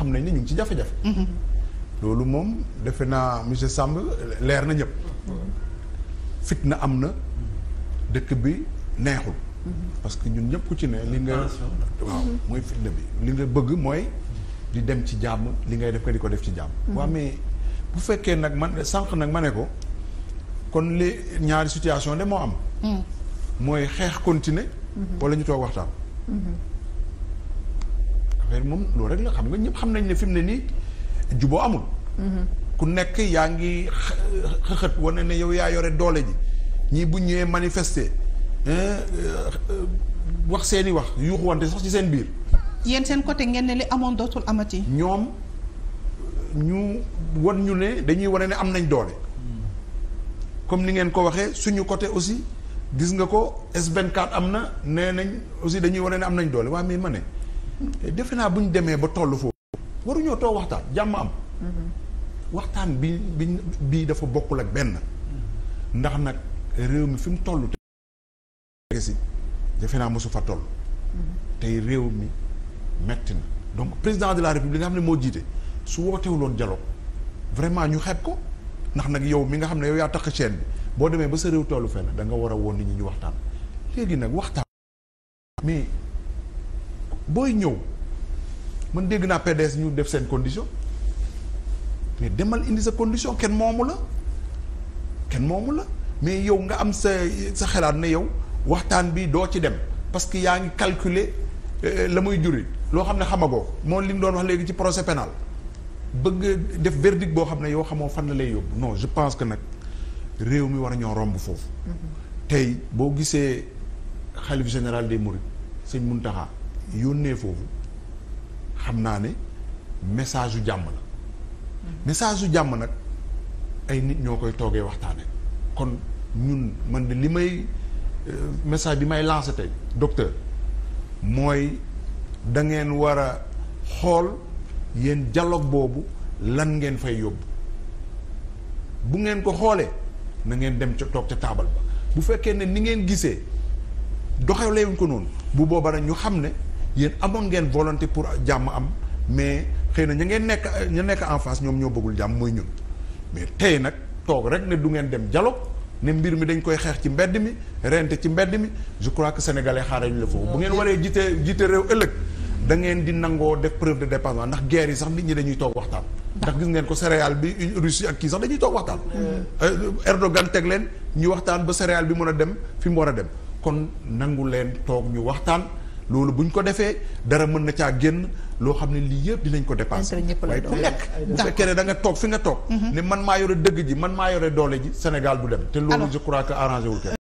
xam nañ ne ñu ngi ci jafe-jafe. loolu moom defe naa monsieur sàmb leer na ñëpp. fitna am na dëkk bi neexul. parce que ñun ñëpp ku ci ne li nga. waaw mooy fitna bi li nga bëgg mooy. di dem ci jàmm li ngay def ko di ko def ci jàmm. Mm-hmm. waaw mais bu fekkee nag man sànq nag ma ne ko kon li ñaari situation de moo am. Mm. mooy xeex continuer mm-hmm. wala ñu toog waxtaan. Mm-hmm. affaire moom loolu rek la xam nga ñëpp xam nañ ne fi mu ne nii juboo amul. ku nekk yaa ngi xëxët wane ne yow yaa yore doole ji ñii bu ñëwee manifester eh, wax seen i wax yuuxu wante sax ci seen biir. yéen seen côté ngeen ne li amoon dootul amati. ñoom ñu wan ñu ne dañuy wane ne am nañ doole. comme ni ngeen ko waxee suñu côté aussi gis nga ko S24 am na nee nañ aussi dañuy wane ne am nañ doole waaye mais ma ne. defe naa bu ñu demee ba tollu foofu waruñoo toog waxtaan jàmm am mm-hmm. waxtaan bi bi bii dafa bokkul ak benn mm-hmm. ndax nag réew mi fi mu toll te si defe naa mosu fa toll mm-hmm. tey réew mi metti na donc président de la république nga xam ne moo jiite su wootewuloon dialogue vraiment ñu xeeb ko ndax nag yow mi nga xam ne yow yaa tax chaîne bi boo demee ba sa réew tollu fenn da nga war woon ni ñi ñu waxtaan léegi nag waxtaan mais booy ñëw man dégg naa PDS ñu def seen condition mais demal indi sa condition kenn moomu la kenn moomu la mais yow nga am sa sa xalaat ne yow waxtaan bi doo ci dem parce que yaa ngi calculer euh, la muy juri loo xam ne xamagoo moom li mu doon wax léegi ci procès pénal bëgg def verdict boo xam ne yow xamoo fan la lay yóbbu non je pense que nag réew mi war a ñoo romb foofu mm-hmm. tey boo gisee xalif général des mourides sëñ Muntaxa yónnee foofu xam naa ne message u jàmm mm-hmm. message su jàmm nag ay nit ñoo koy toogee waxtaane kon ñun man de li may euh, message bi may lancé tey docteur mooy da ngeen war a xool yéen jaloog boobu lan ngeen fay yóbbu bu ngeen ko xoolee na ngeen dem ca toog ca taabal ba bu fekkee ne ni ngeen gisee doxaleewuñ ko noonu bu boobaa nag ñu xam ne yéen amoon ngeen volonté pour jàmm am mais xëy na ñu ngeen nekk ñu nekk en face ñoom ñoo bëggul jàmm mooy ñun mais tey nag toog rek ne du ngeen dem jaloo ne mbir mi dañ koy xeex ci mbedd mi rente ci mbedd mi je crois que sénégalais xaarañu la foofu bu ngeen waree jiite jiite réew ëllëg da ngeen di nangoo def preuve de dépassement ndax guerre yi sax nit ñi dañuy toog waxtaan ndax gis ngeen ko céréale bi Russie ak kii sax dañuy toog waxtaan mm. euh, Erdogan teg leen ñu waxtaan ba céréale bi mën a dem fi mu war a dem kon nangu leen toog ñu waxtaan loolu bu ñu ko defee dara mën na caa génn loo xam ne lii yëpp dinañ ko dépassé waaye ku nekk bu fekkee ne da nga toog fi nga toog mhm. ne man maa yore dëgg ji man maa yore doole ji Sénégal du dem te loolu je crois que arrangé wul kenn